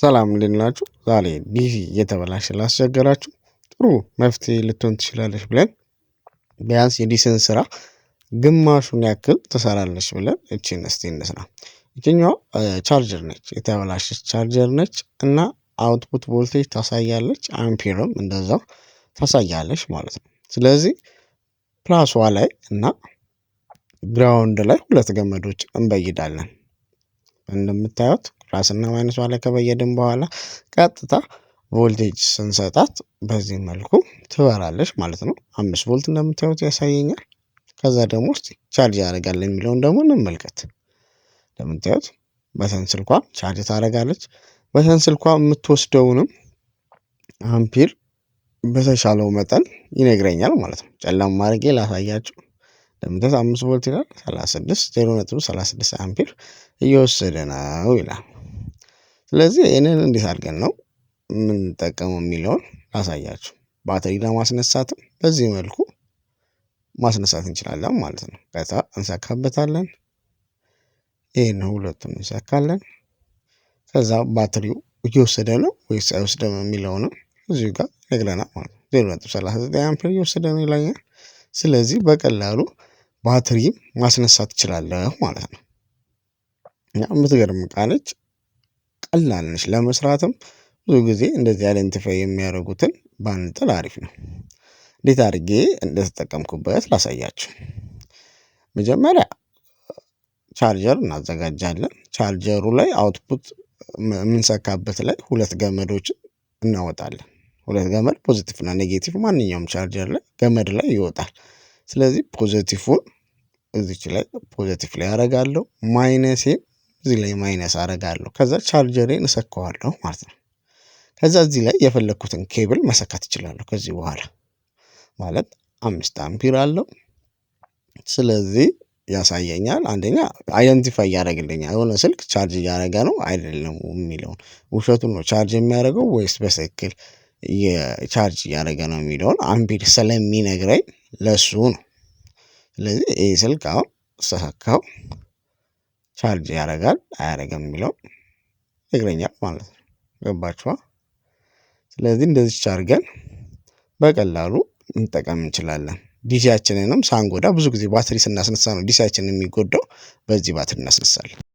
ሰላም እንዴት ዛሬ ዲቪ እየተበላሸ ላስቸገራችሁ ጥሩ መፍትሄ ልትሆን ትችላለች ብለን ቢያንስ የዲስን ስራ ግማሹን ያክል ትሰራለች ብለን እችን እስቲ እንስራ። ይችኛዋ ቻርጀር ነች፣ የተበላሸች ቻርጀር ነች እና አውትፑት ቮልቴጅ ታሳያለች፣ አምፔርም እንደዛው ታሳያለች ማለት ነው። ስለዚህ ፕላሷ ላይ እና ግራውንድ ላይ ሁለት ገመዶች እንበይዳለን እንደምታዩት ፕላስና ማይነስ ዋለ ከበየድን በኋላ ቀጥታ ቮልቴጅ ስንሰጣት በዚህ መልኩ ትበራለች ማለት ነው። አምስት ቮልት እንደምታዩት ያሳየኛል። ከዛ ደግሞ እስቲ ቻርጅ ያደርጋል የሚለውን ደግሞ እንመልከት። እንደምታዩት በተን ስልኳ ቻርጅ ታደርጋለች። በተን ስልኳ የምትወስደውንም አምፒር በተሻለው መጠን ይነግረኛል ማለት ነው። ጨለማ አድርጌ ላሳያችሁ። እንደምታዩት አምስት ቮልት ይላል። ሰላሳ ስድስት ዜሮ ነጥብ ሰላሳ ስድስት አምፒር እየወሰደ ነው ይላል። ስለዚህ ይህንን እንዴት አድርገን ነው የምንጠቀመው የሚለውን ላሳያችሁ ባትሪ ለማስነሳትም በዚህ መልኩ ማስነሳት እንችላለን ማለት ነው። ቀጥታ እንሰካበታለን። ይህን ሁለቱን እንሰካለን። ከዛ ባትሪው እየወሰደ ነው ወይስ አይወስደም የሚለውንም እዚሁ ጋር ይነግረናል ማለት ነው። ዜሮ ነጥብ ሰላሳ ዘጠኝ አምፔር እየወሰደ ነው ይለኛል። ስለዚህ በቀላሉ ባትሪም ማስነሳት እችላለሁ ማለት ነው። እና የምትገርም እቃ ነች። ቀላል ነች ለመስራትም ብዙ ጊዜ እንደዚህ አይደንቲፋይ የሚያደርጉትን ባንጥል አሪፍ ነው። እንዴት አድርጌ እንደተጠቀምኩበት ላሳያችሁ። መጀመሪያ ቻርጀር እናዘጋጃለን ቻርጀሩ ላይ አውትፑት የምንሰካበት ላይ ሁለት ገመዶችን እናወጣለን ሁለት ገመድ ፖዚቲቭ እና ኔጌቲቭ ማንኛውም ቻርጀር ላይ ገመድ ላይ ይወጣል። ስለዚህ ፖዘቲቩን እዚች ላይ ፖዘቲቭ ላይ አደርጋለሁ ማይነሴን እዚህ ላይ ማይነስ አረጋለሁ። ከዛ ቻርጀሬን እሰካዋለሁ ማለት ነው። ከዛ እዚህ ላይ የፈለግኩትን ኬብል መሰካት እችላለሁ። ከዚህ በኋላ ማለት አምስት አምፒር አለው። ስለዚህ ያሳየኛል። አንደኛ አይደንቲፋይ ያደርግልኛል የሆነ ስልክ ቻርጅ እያደረገ ነው አይደለም የሚለውን ውሸቱን ነው ቻርጅ የሚያደርገው ወይስ በትክክል የቻርጅ እያደረገ ነው የሚለውን አምፒር ስለሚነግረኝ ለሱ ነው። ስለዚህ ይህ ስልክ አሁን ሰካው። ቻርጅ ያደርጋል አያደርግም የሚለው ይነግረኛል ማለት ነው። ገባችኋ? ስለዚህ እንደዚህ አድርገን በቀላሉ እንጠቀም እንችላለን። ዲሲያችንንም ሳንጎዳ ብዙ ጊዜ ባትሪ ስናስነሳ ነው ዲሲያችንን የሚጎዳው። በዚህ ባትሪ እናስነሳለን